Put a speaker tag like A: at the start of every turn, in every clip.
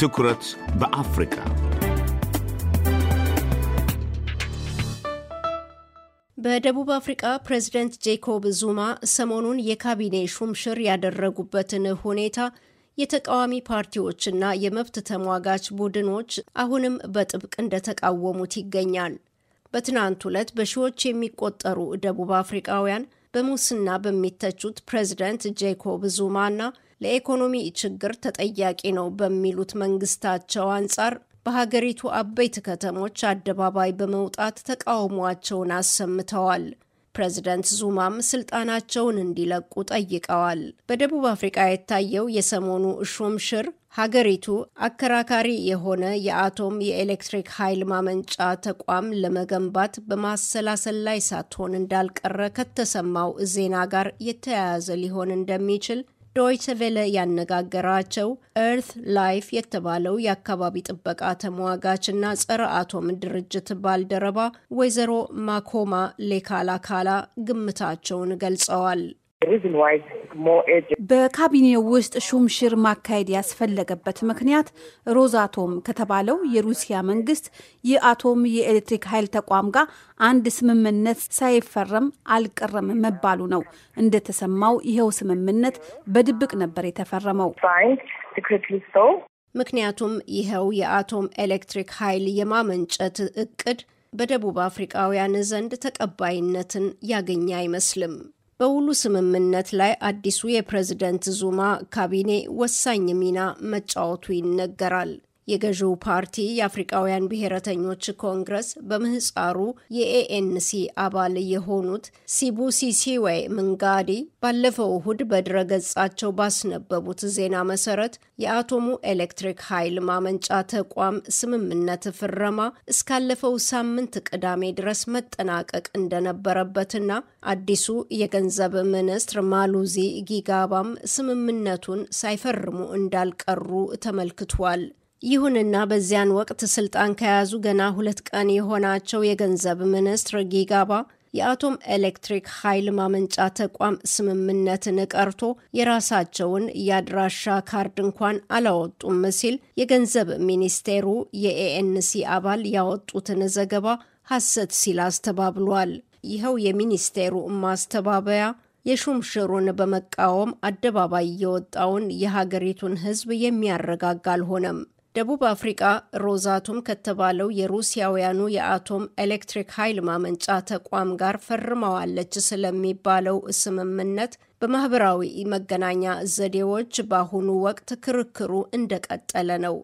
A: ትኩረት በአፍሪካ
B: በደቡብ አፍሪቃ ፕሬዝደንት ጄኮብ ዙማ ሰሞኑን የካቢኔ ሹምሽር ያደረጉበትን ሁኔታ የተቃዋሚ ፓርቲዎችና የመብት ተሟጋች ቡድኖች አሁንም በጥብቅ እንደተቃወሙት ይገኛል። በትናንት ዕለት በሺዎች የሚቆጠሩ ደቡብ አፍሪቃውያን በሙስና በሚተቹት ፕሬዝደንት ጄኮብ ዙማና ለኢኮኖሚ ችግር ተጠያቂ ነው በሚሉት መንግስታቸው አንጻር በሀገሪቱ አበይት ከተሞች አደባባይ በመውጣት ተቃውሟቸውን አሰምተዋል። ፕሬዚደንት ዙማም ስልጣናቸውን እንዲለቁ ጠይቀዋል። በደቡብ አፍሪቃ የታየው የሰሞኑ ሹምሽር ሀገሪቱ አከራካሪ የሆነ የአቶም የኤሌክትሪክ ኃይል ማመንጫ ተቋም ለመገንባት በማሰላሰል ላይ ሳትሆን እንዳልቀረ ከተሰማው ዜና ጋር የተያያዘ ሊሆን እንደሚችል ዶይቸ ቬለ ያነጋገራቸው ኤርት ላይፍ የተባለው የአካባቢ ጥበቃ ተሟጋችና ጸረ አቶም ድርጅት ባልደረባ ወይዘሮ ማኮማ ሌካላካላ ግምታቸውን ገልጸዋል።
A: በካቢኔው ውስጥ ሹምሽር ማካሄድ ያስፈለገበት ምክንያት ሮዝ አቶም ከተባለው የሩሲያ መንግስት የአቶም የኤሌክትሪክ ኃይል ተቋም ጋር አንድ ስምምነት ሳይፈረም አልቀረም መባሉ ነው። እንደተሰማው ይኸው ስምምነት በድብቅ
B: ነበር የተፈረመው። ምክንያቱም ይኸው የአቶም ኤሌክትሪክ ኃይል የማመንጨት እቅድ በደቡብ አፍሪቃውያን ዘንድ ተቀባይነትን ያገኘ አይመስልም። በውሉ ስምምነት ላይ አዲሱ የፕሬዝደንት ዙማ ካቢኔ ወሳኝ ሚና መጫወቱ ይነገራል። የገዢው ፓርቲ የአፍሪቃውያን ብሔረተኞች ኮንግረስ በምህፃሩ የኤኤንሲ አባል የሆኑት ሲቡሲሲዌ ምንጋዲ ባለፈው እሁድ በድረ ገጻቸው ባስነበቡት ዜና መሰረት የአቶሙ ኤሌክትሪክ ኃይል ማመንጫ ተቋም ስምምነት ፍረማ እስካለፈው ሳምንት ቅዳሜ ድረስ መጠናቀቅ እንደነበረበትና አዲሱ የገንዘብ ሚኒስትር ማሉዚ ጊጋባም ስምምነቱን ሳይፈርሙ እንዳልቀሩ ተመልክቷል። ይሁንና በዚያን ወቅት ስልጣን ከያዙ ገና ሁለት ቀን የሆናቸው የገንዘብ ሚኒስትር ጊጋባ የአቶም ኤሌክትሪክ ኃይል ማመንጫ ተቋም ስምምነትን ቀርቶ የራሳቸውን የአድራሻ ካርድ እንኳን አላወጡም ሲል የገንዘብ ሚኒስቴሩ የኤኤንሲ አባል ያወጡትን ዘገባ ሐሰት ሲል አስተባብሏል። ይኸው የሚኒስቴሩ ማስተባበያ የሹምሽሩን በመቃወም አደባባይ የወጣውን የሀገሪቱን ሕዝብ የሚያረጋጋ አልሆነም። ደቡብ አፍሪቃ ሮዛቶም ከተባለው የሩሲያውያኑ የአቶም ኤሌክትሪክ ኃይል ማመንጫ ተቋም ጋር ፈርመዋለች ስለሚባለው ስምምነት በማህበራዊ መገናኛ ዘዴዎች በአሁኑ ወቅት ክርክሩ እንደቀጠለ ነው።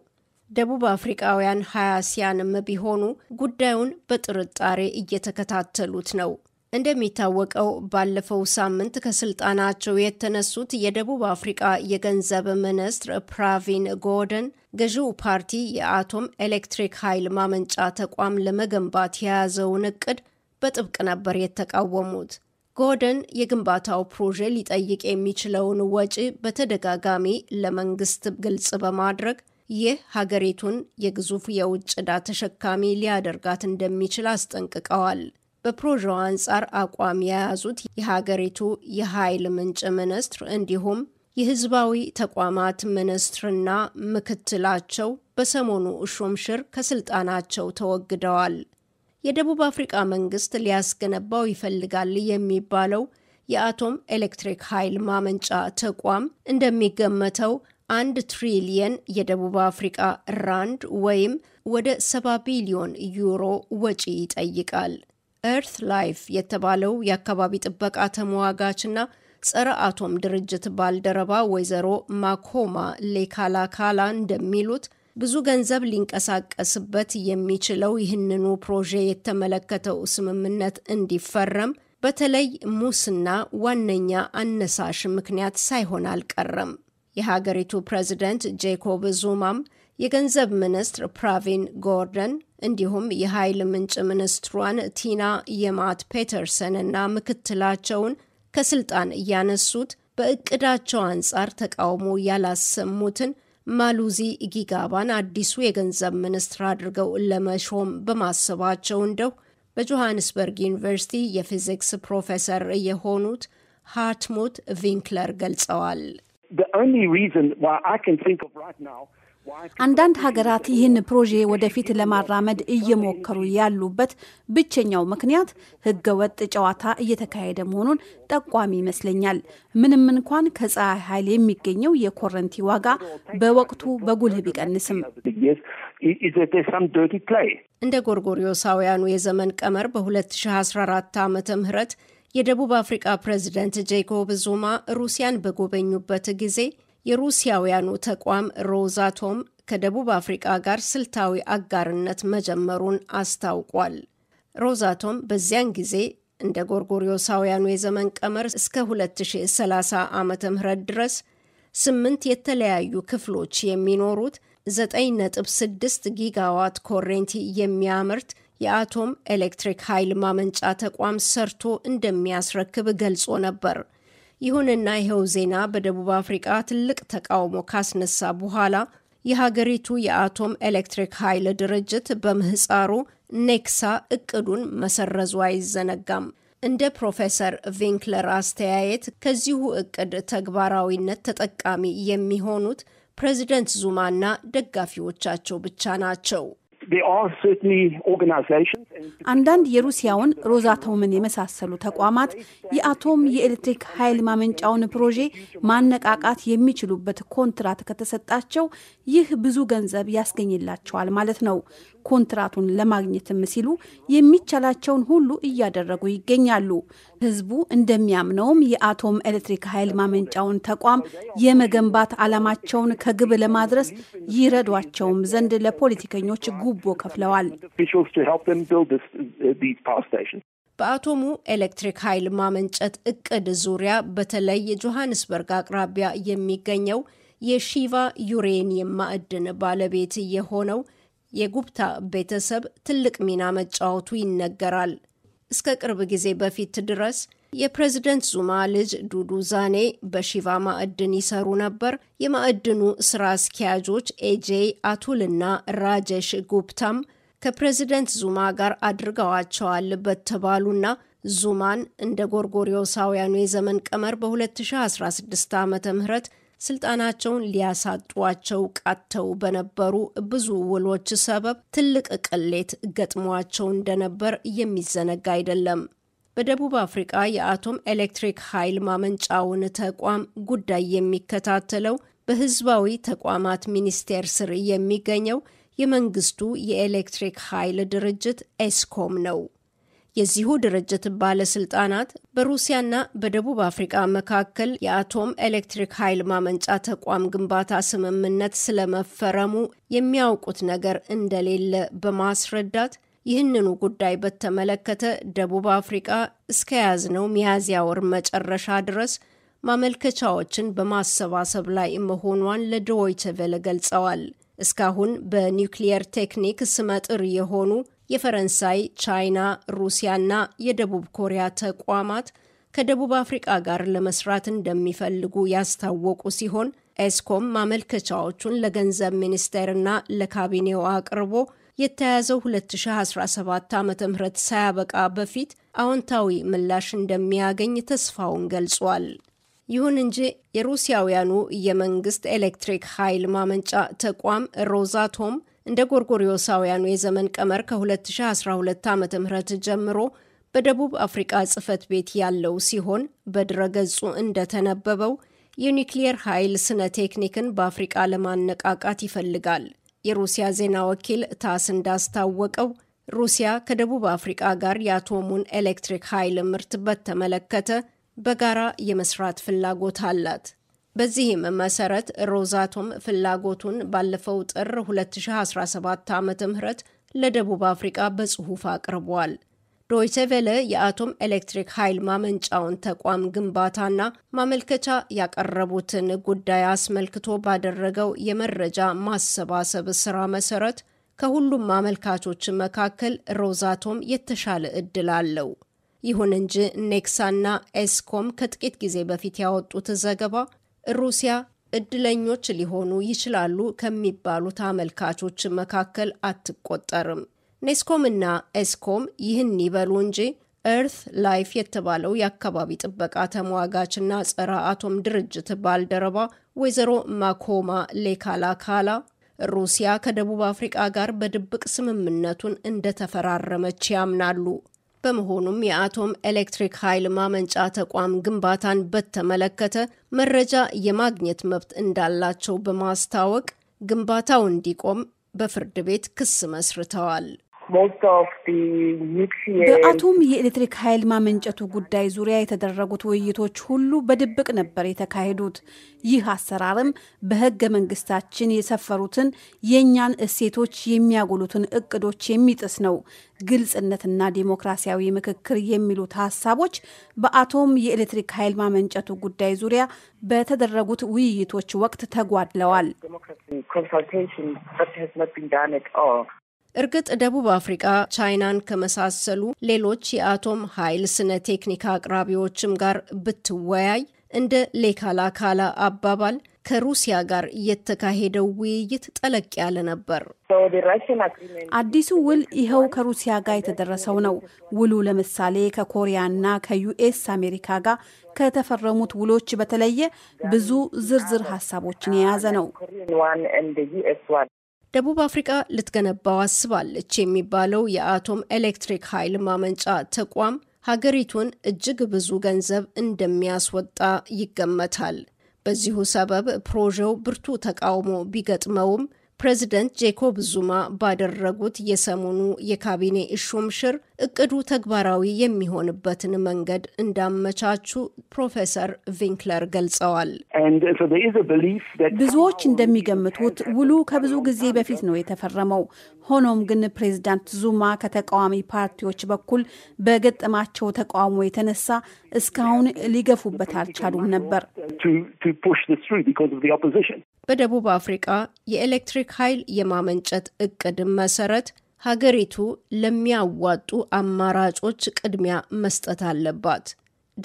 B: ደቡብ አፍሪቃውያን ሀያሲያንም ቢሆኑ ጉዳዩን በጥርጣሬ እየተከታተሉት ነው። እንደሚታወቀው ባለፈው ሳምንት ከስልጣናቸው የተነሱት የደቡብ አፍሪቃ የገንዘብ ሚኒስትር ፕራቪን ጎርደን ገዢው ፓርቲ የአቶም ኤሌክትሪክ ኃይል ማመንጫ ተቋም ለመገንባት የያዘውን እቅድ በጥብቅ ነበር የተቃወሙት። ጎርደን የግንባታው ፕሮጀ ሊጠይቅ የሚችለውን ወጪ በተደጋጋሚ ለመንግስት ግልጽ በማድረግ ይህ ሀገሪቱን የግዙፍ የውጭ ዕዳ ተሸካሚ ሊያደርጋት እንደሚችል አስጠንቅቀዋል። በፕሮጀው አንጻር አቋም የያዙት የሀገሪቱ የኃይል ምንጭ ሚኒስትር እንዲሁም የህዝባዊ ተቋማት ሚኒስትርና ምክትላቸው በሰሞኑ ሹምሽር ከስልጣናቸው ተወግደዋል። የደቡብ አፍሪቃ መንግስት ሊያስገነባው ይፈልጋል የሚባለው የአቶም ኤሌክትሪክ ኃይል ማመንጫ ተቋም እንደሚገመተው አንድ ትሪሊየን የደቡብ አፍሪቃ ራንድ ወይም ወደ ሰባ ቢሊዮን ዩሮ ወጪ ይጠይቃል። ኤርት ላይፍ የተባለው የአካባቢ ጥበቃ ተሟጋችና ጸረ አቶም ድርጅት ባልደረባ ወይዘሮ ማኮማ ሌካላካላ እንደሚሉት ብዙ ገንዘብ ሊንቀሳቀስበት የሚችለው ይህንኑ ፕሮጄ የተመለከተው ስምምነት እንዲፈረም በተለይ ሙስና ዋነኛ አነሳሽ ምክንያት ሳይሆን አልቀረም። የሀገሪቱ ፕሬዚደንት ጄኮብ ዙማም የገንዘብ ሚኒስትር ፕራቪን ጎርደን እንዲሁም የኃይል ምንጭ ሚኒስትሯን ቲና የማት ፔተርሰን እና ምክትላቸውን ከስልጣን እያነሱት በእቅዳቸው አንጻር ተቃውሞ ያላሰሙትን ማሉዚ ጊጋባን አዲሱ የገንዘብ ሚኒስትር አድርገው ለመሾም በማሰባቸው እንደው በጆሃንስበርግ ዩኒቨርሲቲ የፊዚክስ ፕሮፌሰር የሆኑት ሃርትሙት ቪንክለር ገልጸዋል። አንዳንድ ሀገራት ይህን ፕሮጄ
A: ወደፊት ለማራመድ እየሞከሩ ያሉበት ብቸኛው ምክንያት ህገወጥ ጨዋታ እየተካሄደ መሆኑን ጠቋሚ ይመስለኛል። ምንም እንኳን ከፀሐይ ኃይል የሚገኘው
B: የኮረንቲ ዋጋ በወቅቱ በጉልህ ቢቀንስም እንደ ጎርጎሪዮሳውያኑ የዘመን ቀመር በ2014 ዓ ም የደቡብ አፍሪካ ፕሬዚደንት ጄኮብ ዙማ ሩሲያን በጎበኙበት ጊዜ የሩሲያውያኑ ተቋም ሮዛቶም ከደቡብ አፍሪቃ ጋር ስልታዊ አጋርነት መጀመሩን አስታውቋል። ሮዛቶም በዚያን ጊዜ እንደ ጎርጎሪዮሳውያኑ የዘመን ቀመር እስከ 2030 ዓ ም ድረስ ስምንት የተለያዩ ክፍሎች የሚኖሩት 9.6 ጊጋዋት ኮሬንቲ የሚያመርት የአቶም ኤሌክትሪክ ኃይል ማመንጫ ተቋም ሰርቶ እንደሚያስረክብ ገልጾ ነበር። ይሁንና ይኸው ዜና በደቡብ አፍሪቃ ትልቅ ተቃውሞ ካስነሳ በኋላ የሀገሪቱ የአቶም ኤሌክትሪክ ኃይል ድርጅት በምህፃሩ ኔክሳ እቅዱን መሰረዙ አይዘነጋም። እንደ ፕሮፌሰር ቪንክለር አስተያየት ከዚሁ እቅድ ተግባራዊነት ተጠቃሚ የሚሆኑት ፕሬዚደንት ዙማና ደጋፊዎቻቸው ብቻ ናቸው። አንዳንድ የሩሲያውን ሮዛቶምን የመሳሰሉ
A: ተቋማት የአቶም የኤሌክትሪክ ኃይል ማመንጫውን ፕሮጄ ማነቃቃት የሚችሉበት ኮንትራት ከተሰጣቸው ይህ ብዙ ገንዘብ ያስገኝላቸዋል ማለት ነው። ኮንትራቱን ለማግኘትም ሲሉ የሚቻላቸውን ሁሉ እያደረጉ ይገኛሉ። ህዝቡ እንደሚያምነውም የአቶም ኤሌክትሪክ ኃይል ማመንጫውን ተቋም የመገንባት ዓላማቸውን ከግብ ለማድረስ ይረዷቸውም ዘንድ ለፖለቲከኞች
B: ጉቦ ከፍለዋል።
A: Uh,
B: በአቶሙ ኤሌክትሪክ ኃይል ማመንጨት እቅድ ዙሪያ በተለይ የጆሃንስበርግ አቅራቢያ የሚገኘው የሺቫ ዩሬኒየም ማዕድን ባለቤት የሆነው የጉብታ ቤተሰብ ትልቅ ሚና መጫወቱ ይነገራል። እስከ ቅርብ ጊዜ በፊት ድረስ የፕሬዝደንት ዙማ ልጅ ዱዱ ዛኔ በሺቫ ማዕድን ይሰሩ ነበር። የማዕድኑ ስራ አስኪያጆች ኤጄ አቱልና ራጀሽ ጉብታም ከፕሬዝደንት ዙማ ጋር አድርገዋቸዋል በተባሉና ዙማን እንደ ጎርጎሪዮሳውያኑ የዘመን ቀመር በ2016 ዓ ም ስልጣናቸውን ሊያሳጧቸው ቃተው በነበሩ ብዙ ውሎች ሰበብ ትልቅ ቅሌት ገጥሟቸው እንደነበር የሚዘነጋ አይደለም። በደቡብ አፍሪቃ የአቶም ኤሌክትሪክ ኃይል ማመንጫውን ተቋም ጉዳይ የሚከታተለው በህዝባዊ ተቋማት ሚኒስቴር ስር የሚገኘው የመንግስቱ የኤሌክትሪክ ኃይል ድርጅት ኤስኮም ነው። የዚሁ ድርጅት ባለስልጣናት በሩሲያና በደቡብ አፍሪቃ መካከል የአቶም ኤሌክትሪክ ኃይል ማመንጫ ተቋም ግንባታ ስምምነት ስለመፈረሙ የሚያውቁት ነገር እንደሌለ በማስረዳት ይህንኑ ጉዳይ በተመለከተ ደቡብ አፍሪቃ እስከያዝነው ያዝነው ሚያዝያ ወር መጨረሻ ድረስ ማመልከቻዎችን በማሰባሰብ ላይ መሆኗን ለዶይቸ ቬለ ገልጸዋል። እስካሁን በኒውክሊየር ቴክኒክ ስመጥር የሆኑ የፈረንሳይ፣ ቻይና፣ ሩሲያና የደቡብ ኮሪያ ተቋማት ከደቡብ አፍሪቃ ጋር ለመስራት እንደሚፈልጉ ያስታወቁ ሲሆን ኤስኮም ማመልከቻዎቹን ለገንዘብ ሚኒስቴርና ለካቢኔው አቅርቦ የተያዘው 2017 ዓ ም ሳያበቃ በፊት አዎንታዊ ምላሽ እንደሚያገኝ ተስፋውን ገልጿል። ይሁን እንጂ የሩሲያውያኑ የመንግስት ኤሌክትሪክ ኃይል ማመንጫ ተቋም ሮዛቶም እንደ ጎርጎሪዮሳውያኑ የዘመን ቀመር ከ2012 ዓ ም ጀምሮ በደቡብ አፍሪቃ ጽህፈት ቤት ያለው ሲሆን በድረገጹ እንደተነበበው የኒክሊየር ኃይል ስነ ቴክኒክን በአፍሪቃ ለማነቃቃት ይፈልጋል። የሩሲያ ዜና ወኪል ታስ እንዳስታወቀው ሩሲያ ከደቡብ አፍሪቃ ጋር የአቶሙን ኤሌክትሪክ ኃይል ምርት በተመለከተ በጋራ የመስራት ፍላጎት አላት። በዚህም መሰረት ሮዛቶም ፍላጎቱን ባለፈው ጥር 2017 ዓ ም ለደቡብ አፍሪቃ በጽሑፍ አቅርቧል። ዶይቸ ቬለ የአቶም ኤሌክትሪክ ኃይል ማመንጫውን ተቋም ግንባታና ማመልከቻ ያቀረቡትን ጉዳይ አስመልክቶ ባደረገው የመረጃ ማሰባሰብ ስራ መሰረት ከሁሉም አመልካቾች መካከል ሮዛቶም የተሻለ እድል አለው። ይሁን እንጂ ኔክሳና ኤስኮም ከጥቂት ጊዜ በፊት ያወጡት ዘገባ ሩሲያ እድለኞች ሊሆኑ ይችላሉ ከሚባሉት አመልካቾች መካከል አትቆጠርም። ኔስኮም እና ኤስኮም ይህን ይበሉ እንጂ ኤርት ላይፍ የተባለው የአካባቢ ጥበቃ ተሟጋችና ጸረ አቶም ድርጅት ባልደረባ ወይዘሮ ማኮማ ሌካላካላ ሩሲያ ከደቡብ አፍሪቃ ጋር በድብቅ ስምምነቱን እንደተፈራረመች ያምናሉ። በመሆኑም የአቶም ኤሌክትሪክ ኃይል ማመንጫ ተቋም ግንባታን በተመለከተ መረጃ የማግኘት መብት እንዳላቸው በማስታወቅ ግንባታው እንዲቆም በፍርድ ቤት ክስ መስርተዋል። በአቶም የኤሌክትሪክ ኃይል ማመንጨቱ
A: ጉዳይ ዙሪያ የተደረጉት ውይይቶች ሁሉ በድብቅ ነበር የተካሄዱት። ይህ አሰራርም በህገ መንግስታችን የሰፈሩትን የእኛን እሴቶች የሚያጎሉትን እቅዶች የሚጥስ ነው። ግልጽነትና ዲሞክራሲያዊ ምክክር የሚሉት ሀሳቦች በአቶም የኤሌክትሪክ ኃይል ማመንጨቱ ጉዳይ ዙሪያ በተደረጉት ውይይቶች
B: ወቅት ተጓድለዋል። እርግጥ ደቡብ አፍሪቃ ቻይናን ከመሳሰሉ ሌሎች የአቶም ኃይል ስነ ቴክኒክ አቅራቢዎችም ጋር ብትወያይ እንደ ሌካላካላ አባባል ከሩሲያ ጋር የተካሄደው ውይይት ጠለቅ ያለ ነበር።
A: አዲሱ ውል ይኸው ከሩሲያ ጋር የተደረሰው ነው። ውሉ ለምሳሌ ከኮሪያና ከዩኤስ አሜሪካ ጋር ከተፈረሙት ውሎች በተለየ ብዙ ዝርዝር
B: ሀሳቦችን የያዘ ነው። ደቡብ አፍሪቃ ልትገነባው አስባለች የሚባለው የአቶም ኤሌክትሪክ ኃይል ማመንጫ ተቋም ሀገሪቱን እጅግ ብዙ ገንዘብ እንደሚያስወጣ ይገመታል። በዚሁ ሰበብ ፕሮዤው ብርቱ ተቃውሞ ቢገጥመውም ፕሬዚደንት ጄኮብ ዙማ ባደረጉት የሰሞኑ የካቢኔ እሹምሽር እቅዱ ተግባራዊ የሚሆንበትን መንገድ እንዳመቻቹ ፕሮፌሰር ቪንክለር ገልጸዋል። ብዙዎች እንደሚገምቱት ውሉ ከብዙ ጊዜ በፊት ነው የተፈረመው። ሆኖም
A: ግን ፕሬዚዳንት ዙማ ከተቃዋሚ ፓርቲዎች በኩል በገጠማቸው ተቃውሞ
B: የተነሳ እስካሁን ሊገፉበት አልቻሉም ነበር። በደቡብ አፍሪቃ የኤሌክትሪክ ኃይል የማመንጨት እቅድም መሰረት ሀገሪቱ ለሚያዋጡ አማራጮች ቅድሚያ መስጠት አለባት።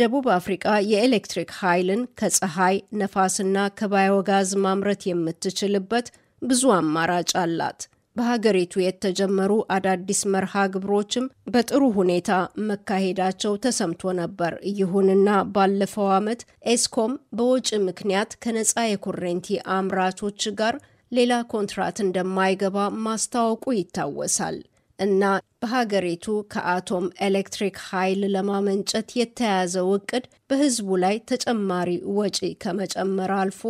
B: ደቡብ አፍሪቃ የኤሌክትሪክ ኃይልን ከፀሐይ ነፋስና ከባዮጋዝ ማምረት የምትችልበት ብዙ አማራጭ አላት። በሀገሪቱ የተጀመሩ አዳዲስ መርሃ ግብሮችም በጥሩ ሁኔታ መካሄዳቸው ተሰምቶ ነበር። ይሁንና ባለፈው ዓመት ኤስኮም በወጪ ምክንያት ከነፃ የኮሬንቲ አምራቾች ጋር ሌላ ኮንትራት እንደማይገባ ማስታወቁ ይታወሳል። እና በሀገሪቱ ከአቶም ኤሌክትሪክ ኃይል ለማመንጨት የተያዘው እቅድ በህዝቡ ላይ ተጨማሪ ወጪ ከመጨመር አልፎ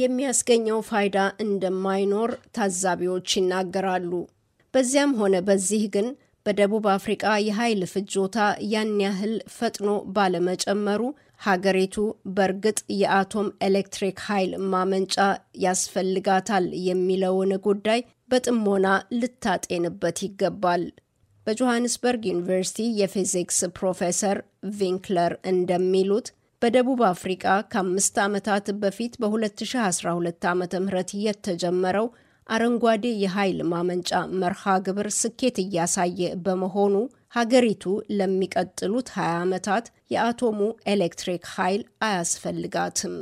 B: የሚያስገኘው ፋይዳ እንደማይኖር ታዛቢዎች ይናገራሉ። በዚያም ሆነ በዚህ ግን በደቡብ አፍሪቃ የኃይል ፍጆታ ያን ያህል ፈጥኖ ባለመጨመሩ ሀገሪቱ በእርግጥ የአቶም ኤሌክትሪክ ኃይል ማመንጫ ያስፈልጋታል የሚለውን ጉዳይ በጥሞና ልታጤንበት ይገባል። በጆሃንስበርግ ዩኒቨርሲቲ የፊዚክስ ፕሮፌሰር ቪንክለር እንደሚሉት በደቡብ አፍሪቃ ከአምስት ዓመታት በፊት በ2012 ዓ ም የተጀመረው አረንጓዴ የኃይል ማመንጫ መርሃ ግብር ስኬት እያሳየ በመሆኑ ሀገሪቱ ለሚቀጥሉት 20 ዓመታት የአቶሙ ኤሌክትሪክ ኃይል አያስፈልጋትም።